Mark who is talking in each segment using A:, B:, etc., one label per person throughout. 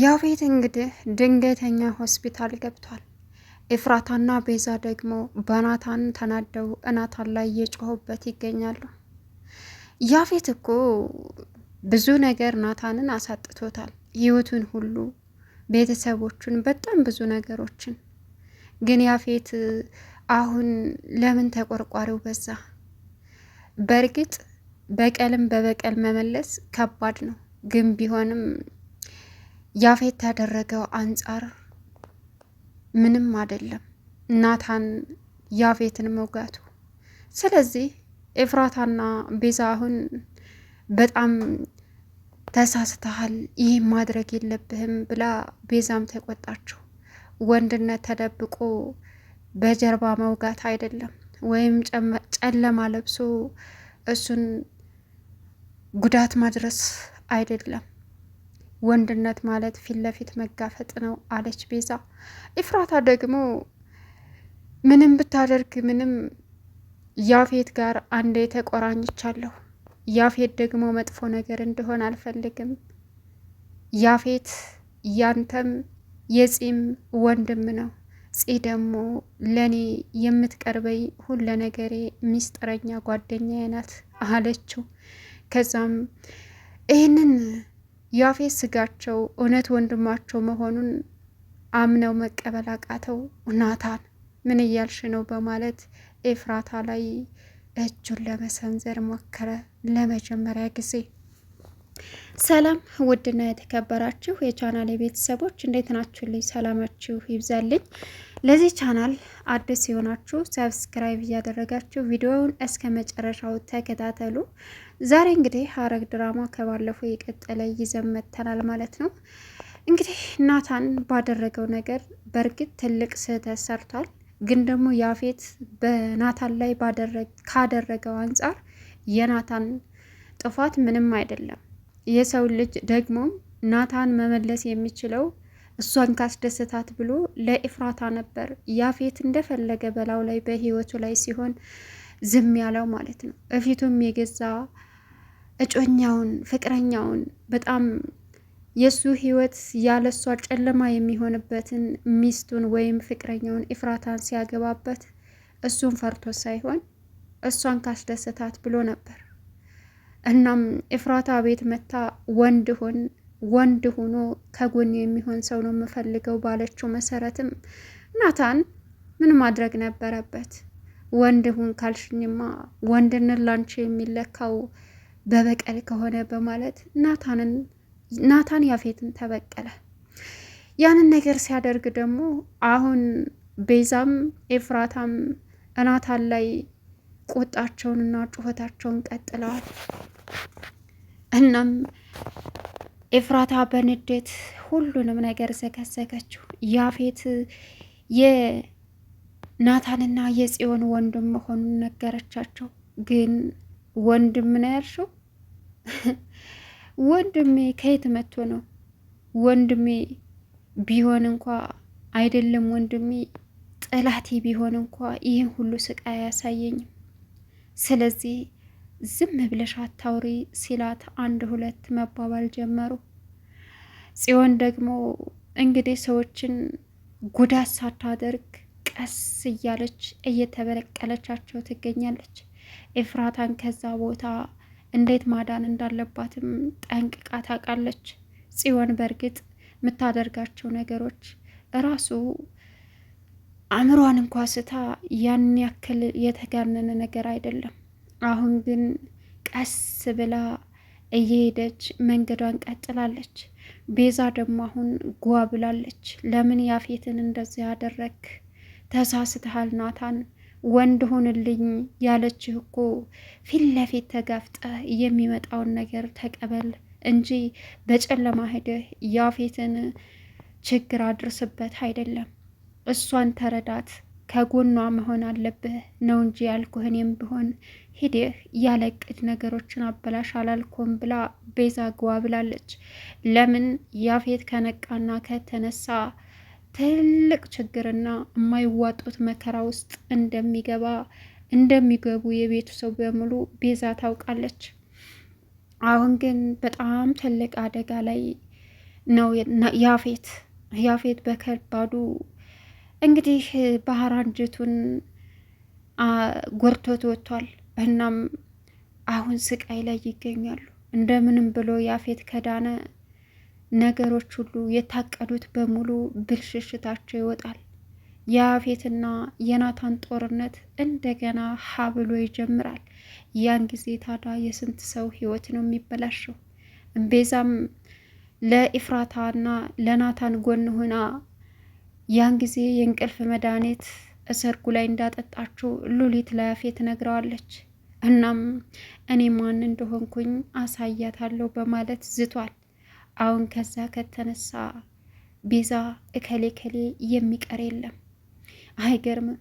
A: ያፌት እንግዲህ ድንገተኛ ሆስፒታል ገብቷል። ኤፍራታና ቤዛ ደግሞ በናታን ተናደው እናታን ላይ እየጮሁበት ይገኛሉ። ያፌት እኮ ብዙ ነገር ናታንን አሳጥቶታል። ህይወቱን ሁሉ ቤተሰቦቹን፣ በጣም ብዙ ነገሮችን ግን ያፌት አሁን ለምን ተቆርቋሪው በዛ? በእርግጥ በቀልም በበቀል መመለስ ከባድ ነው ግን ቢሆንም ያፌት ያደረገው አንጻር ምንም አይደለም፣ ናታን ያፌትን መውጋቱ። ስለዚህ ኤፍራታና ቤዛ አሁን በጣም ተሳስተሃል፣ ይህ ማድረግ የለብህም ብላ ቤዛም ተቆጣችው። ወንድነት ተደብቆ በጀርባ መውጋት አይደለም ወይም ጨለማ ለብሶ እሱን ጉዳት ማድረስ አይደለም። ወንድነት ማለት ፊት ለፊት መጋፈጥ ነው አለች ቤዛ። ኢፍራታ ደግሞ ምንም ብታደርግ ምንም ያፌት ጋር አንዴ ተቆራኝቻለሁ። ያፌት ደግሞ መጥፎ ነገር እንደሆን አልፈልግም። ያፌት ያንተም የጺም ወንድም ነው። ጺ ደግሞ ለእኔ የምትቀርበኝ ሁለ ነገሬ ሚስጥረኛ ጓደኛዬ ናት አለችው። ከዛም ይህንን ያፌት ስጋቸው እውነት ወንድማቸው መሆኑን አምነው መቀበል አቃተው። ናታን ምን እያልሽ ነው በማለት ኤፍራታ ላይ እጁን ለመሰንዘር ሞከረ ለመጀመሪያ ጊዜ።
B: ሰላም ውድና የተከበራችሁ የቻናል የቤተሰቦች እንዴት ናችሁ ናችሁልኝ? ሰላማችሁ ይብዛልኝ። ለዚህ ቻናል አዲስ የሆናችሁ ሰብስክራይብ እያደረጋችሁ ቪዲዮውን እስከ መጨረሻው ተከታተሉ። ዛሬ እንግዲህ ሐረግ ድራማ ከባለፈው የቀጠለ ይዘን መጥተናል ማለት ነው። እንግዲህ ናታን ባደረገው ነገር በእርግጥ ትልቅ ስህተት ሰርቷል። ግን ደግሞ ያፌት በናታን ላይ ካደረገው አንጻር የናታን ጥፋት ምንም አይደለም የሰው ልጅ ደግሞ ናታን መመለስ የሚችለው እሷን ካስደስታት ብሎ ለኢፍራታ ነበር ያፌት እንደፈለገ በላው ላይ በህይወቱ ላይ ሲሆን ዝም ያለው ማለት ነው። እፊቱም የገዛ እጮኛውን ፍቅረኛውን በጣም የእሱ ህይወት ያለሷ ጨለማ የሚሆንበትን ሚስቱን ወይም ፍቅረኛውን ኢፍራታን ሲያገባበት እሱን ፈርቶ ሳይሆን እሷን ካስደስታት ብሎ ነበር። እናም እፍራታ ቤት መታ ወንድ ሆን ወንድ ሆኖ ከጎን የሚሆን ሰው ነው የምፈልገው ባለችው መሰረትም ናታን ምን ማድረግ ነበረበት? ወንድ ሁን ካልሽኝማ ወንድነት ላንቺ የሚለካው በበቀል ከሆነ በማለት ናታንን ናታን ያፌትን ተበቀለ። ያንን ነገር ሲያደርግ ደግሞ አሁን ቤዛም ኤፍራታም እናታን ላይ ቁጣቸውንና ጩኸታቸውን ቀጥለዋል። እናም ኤፍራታ በንዴት ሁሉንም ነገር ዘከዘከችው። ያፌት የናታንና የጽዮን ወንድም መሆኑን ነገረቻቸው። ግን ወንድም ነው ያልሽው? ወንድሜ ከየት መጥቶ ነው? ወንድሜ ቢሆን እንኳ አይደለም፣ ወንድሜ ጠላቴ ቢሆን እንኳ ይህን ሁሉ ስቃይ አያሳየኝም። ስለዚህ ዝም ብለሽ አታውሪ ሲላት አንድ ሁለት መባባል ጀመሩ። ጽዮን ደግሞ እንግዲህ ሰዎችን ጉዳት ሳታደርግ ቀስ እያለች እየተበለቀለቻቸው ትገኛለች። ኤፍራታን ከዛ ቦታ እንዴት ማዳን እንዳለባትም ጠንቅቃ ታውቃለች። ጽዮን በእርግጥ የምታደርጋቸው ነገሮች እራሱ አእምሯን እንኳ ስታ ያን ያክል የተጋነነ ነገር አይደለም። አሁን ግን ቀስ ብላ እየሄደች መንገዷን ቀጥላለች። ቤዛ ደግሞ አሁን ጓ ብላለች። ለምን ያፌትን እንደዚህ ያደረግ? ተሳስተሃል ናታን ወንድ ሆንልኝ ያለችህ እኮ ፊት ለፊት ተጋፍጠ የሚመጣውን ነገር ተቀበል እንጂ በጨለማ ሄደህ ያፌትን ችግር አድርስበት አይደለም እሷን ተረዳት፣ ከጎኗ መሆን አለብህ ነው እንጂ ያልኩህ። እኔም ብሆን ሂደህ ያለቅድ ነገሮችን አበላሽ አላልኩም ብላ ቤዛ ግዋ ብላለች። ለምን ያፌት ከነቃና ከተነሳ ትልቅ ችግርና የማይዋጡት መከራ ውስጥ እንደሚገባ እንደሚገቡ የቤቱ ሰው በሙሉ ቤዛ ታውቃለች። አሁን ግን በጣም ትልቅ አደጋ ላይ ነው ያፌት። ያፌት በከባዱ እንግዲህ ባህር አንጀቱን ጎርቶት ወጥቷል። እናም አሁን ስቃይ ላይ ይገኛሉ። እንደምንም ብሎ ያፌት ከዳነ ነገሮች ሁሉ የታቀዱት በሙሉ ብልሽሽታቸው ይወጣል። የአፌትና የናታን ጦርነት እንደገና ሀብሎ ይጀምራል። ያን ጊዜ ታዲያ የስንት ሰው ህይወት ነው የሚበላሸው። እምቤዛም ለኢፍራታና ለናታን ጎን ሆና ያን ጊዜ የእንቅልፍ መድኃኒት እሰርጉ ላይ እንዳጠጣችው ሉሊት ለያፌት ነግረዋለች። እናም እኔ ማን እንደሆንኩኝ አሳያታለሁ በማለት ዝቷል። አሁን ከዛ ከተነሳ ቤዛ እከሌ ከሌ የሚቀር የለም። አይገርምም።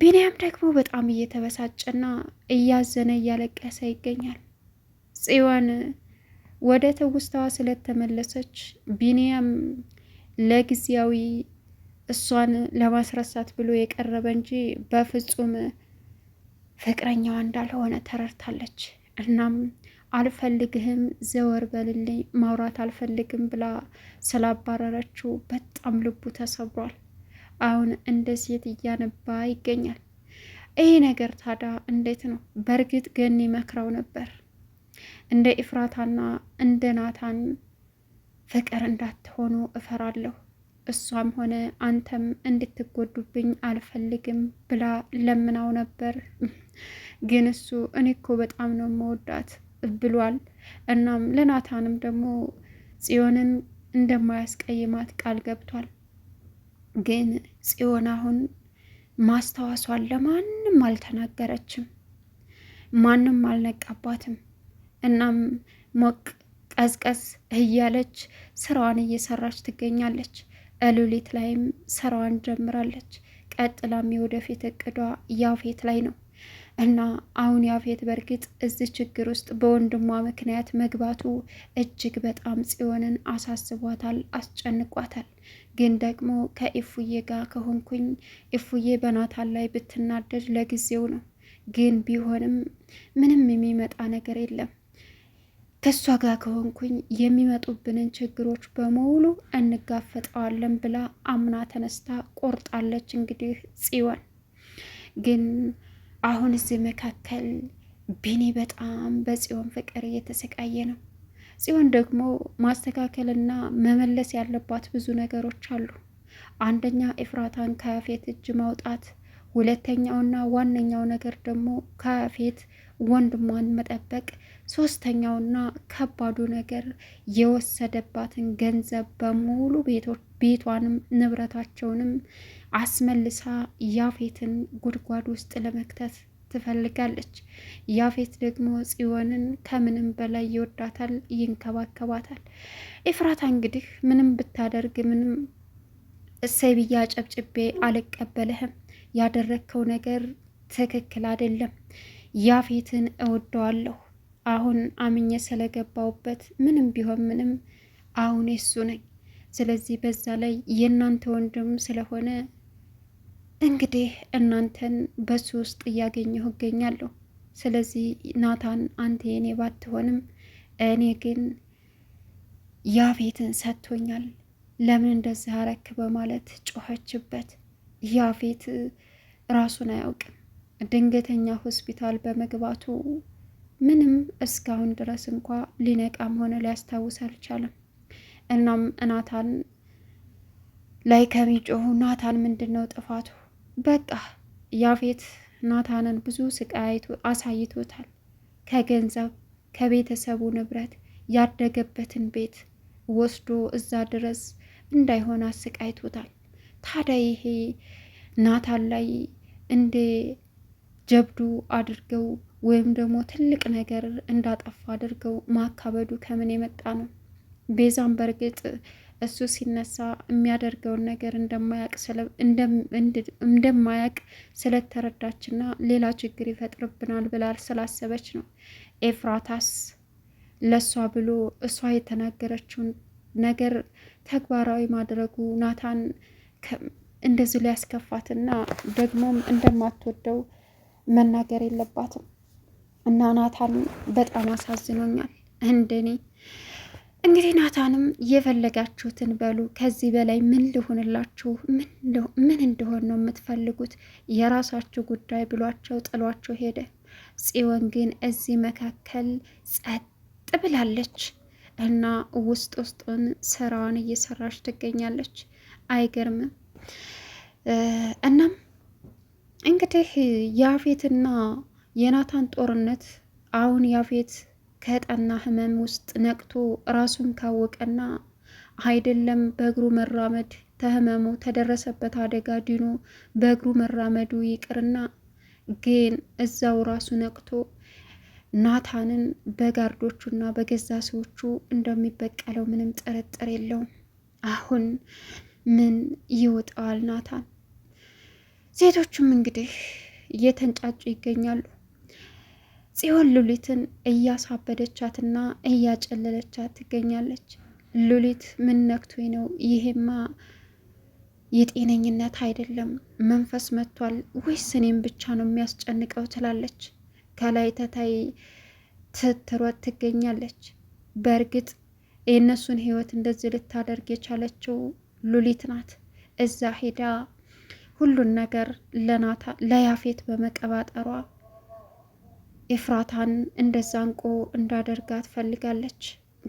B: ቢንያም ደግሞ በጣም እየተበሳጨና እያዘነ እያለቀሰ ይገኛል። ጽዮን ወደ ትውስታዋ ስለተመለሰች ቢንያም ለጊዜያዊ እሷን ለማስረሳት ብሎ የቀረበ እንጂ በፍጹም ፍቅረኛዋ እንዳልሆነ ተረድታለች። እናም አልፈልግህም፣ ዘወር በልልኝ፣ ማውራት አልፈልግም ብላ ስላባረረችው በጣም ልቡ ተሰብሯል። አሁን እንደ ሴት እያነባ ይገኛል። ይህ ነገር ታዲያ እንዴት ነው? በእርግጥ ገኒ መክረው ነበር እንደ ኢፍራታና እንደ ናታን ፍቅር እንዳትሆኑ እፈራለሁ። እሷም ሆነ አንተም እንድትጎዱብኝ አልፈልግም ብላ ለምናው ነበር፣ ግን እሱ እኔ እኮ በጣም ነው መወዳት ብሏል። እናም ለናታንም ደግሞ ጽዮንን እንደማያስቀይማት ቃል ገብቷል። ግን ጽዮን አሁን ማስታወሷን ለማንም አልተናገረችም፣ ማንም አልነቃባትም። እናም ሞቅ ቀዝቀዝ እያለች ስራዋን እየሰራች ትገኛለች። እሉሊት ላይም ስራዋን ጀምራለች። ቀጥላም የወደፊት እቅዷ ያፌት ላይ ነው እና አሁን ያፌት በእርግጥ እዚህ ችግር ውስጥ በወንድሟ ምክንያት መግባቱ እጅግ በጣም ጽዮንን አሳስቧታል፣ አስጨንቋታል። ግን ደግሞ ከኢፉዬ ጋር ከሆንኩኝ ኢፉዬ በናታን ላይ ብትናደድ ለጊዜው ነው። ግን ቢሆንም ምንም የሚመጣ ነገር የለም ከእሷ ጋር ከሆንኩኝ የሚመጡብንን ችግሮች በሙሉ እንጋፈጠዋለን ብላ አምና ተነስታ ቆርጣለች። እንግዲህ ጽዮን ግን አሁን እዚህ መካከል ቢኒ በጣም በጽዮን ፍቅር እየተሰቃየ ነው። ጽዮን ደግሞ ማስተካከልና መመለስ ያለባት ብዙ ነገሮች አሉ። አንደኛ ኤፍራታን ከያፌት እጅ ማውጣት፣ ሁለተኛውና ዋነኛው ነገር ደግሞ ከያፌት ወንድሟን መጠበቅ ሶስተኛውና ከባዱ ነገር የወሰደባትን ገንዘብ በሙሉ ቤቷንም ንብረታቸውንም አስመልሳ ያፌትን ጉድጓድ ውስጥ ለመክተት ትፈልጋለች። ያፌት ደግሞ ጽዮንን ከምንም በላይ ይወዳታል፣ ይንከባከባታል። ኤፍራታ እንግዲህ ምንም ብታደርግ ምንም እሰይ ብዬ አልቀበልህም፣ ያደረግከው ነገር ትክክል አይደለም፣ ያፌትን እወደዋለሁ አሁን አምኜ ስለገባውበት ምንም ቢሆን ምንም አሁን የሱ ነኝ። ስለዚህ በዛ ላይ የእናንተ ወንድም ስለሆነ እንግዲህ እናንተን በሱ ውስጥ እያገኘሁ እገኛለሁ። ስለዚህ ናታን አንተ የኔ ባትሆንም እኔ ግን ያፌትን ሰጥቶኛል። ለምን እንደዚህ አረክ በማለት ጮኸችበት። ያፌት ራሱን አያውቅም። ድንገተኛ ሆስፒታል በመግባቱ ምንም እስካሁን ድረስ እንኳ ሊነቃም ሆነ ሊያስታውስ አልቻለም። እናም እናታን ላይ ከሚጮሁ ናታን ምንድን ነው ጥፋቱ? በቃ ያፌት ናታንን ብዙ ስቃይ አሳይቶታል። ከገንዘብ ከቤተሰቡ ንብረት ያደገበትን ቤት ወስዶ እዛ ድረስ እንዳይሆን አስቃይቶታል? ታዲያ ይሄ ናታን ላይ እንደ ጀብዱ አድርገው ወይም ደግሞ ትልቅ ነገር እንዳጠፋ አድርገው ማካበዱ ከምን የመጣ ነው? ቤዛም በእርግጥ እሱ ሲነሳ የሚያደርገውን ነገር እንደማያቅ ስለተረዳችና ሌላ ችግር ይፈጥርብናል ብላል ስላሰበች ነው። ኤፍራታስ ለእሷ ብሎ እሷ የተናገረችውን ነገር ተግባራዊ ማድረጉ ናታን እንደዚህ ሊያስከፋትና ደግሞም እንደማትወደው መናገር የለባትም። እና ናታን በጣም አሳዝኖኛል። እንደኔ እንግዲህ ናታንም የፈለጋችሁትን በሉ፣ ከዚህ በላይ ምን ልሆንላችሁ? ምን እንደሆን ነው የምትፈልጉት? የራሳችሁ ጉዳይ ብሏቸው ጥሏቸው ሄደ። ጽዮን ግን እዚህ መካከል ጸጥ ብላለች እና ውስጥ ውስጡን ስራዋን እየሰራች ትገኛለች። አይገርምም? እናም እንግዲህ ያፌትና የናታን ጦርነት አሁን ያፌት ከጠና ህመም ውስጥ ነቅቶ ራሱን ካወቀና አይደለም በእግሩ መራመድ ተህመሙ ተደረሰበት አደጋ ድኖ በእግሩ መራመዱ ይቅርና ግን እዛው ራሱ ነቅቶ ናታንን በጋርዶቹና በገዛ ሰዎቹ እንደሚበቀለው ምንም ጥርጥር የለውም። አሁን ምን ይወጣዋል ናታን? ሴቶቹም እንግዲህ እየተንጫጩ ይገኛሉ። ጽዮን ሉሊትን እያሳበደቻትና እያጨለለቻት ትገኛለች። ሉሊት ምን ነክቶኝ ነው? ይሄማ የጤነኝነት አይደለም፣ መንፈስ መጥቷል ወይስ እኔም ብቻ ነው የሚያስጨንቀው? ትላለች። ከላይ ተታይ ትትሯት ትገኛለች። በእርግጥ የእነሱን ህይወት እንደዚህ ልታደርግ የቻለችው ሉሊት ናት። እዛ ሄዳ ሁሉን ነገር ለናታ ለያፌት በመቀባጠሯ ኤፍራታን እንደዛ አንቆ እንዳደርጋት ፈልጋለች።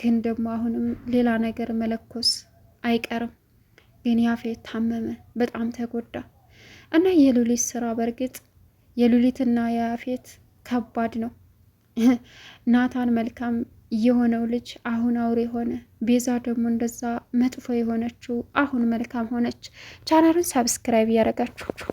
B: ግን ደግሞ አሁንም ሌላ ነገር መለኮስ አይቀርም። ግን ያፌት ታመመ፣ በጣም ተጎዳ እና የሉሊት ስራ በእርግጥ የሉሊትና የያፌት ከባድ ነው። ናታን መልካም የሆነው ልጅ አሁን አውሬ ሆነ። ቤዛ ደግሞ እንደዛ መጥፎ የሆነችው አሁን መልካም ሆነች። ቻናሉን ሰብስክራይብ እያደረጋችሁ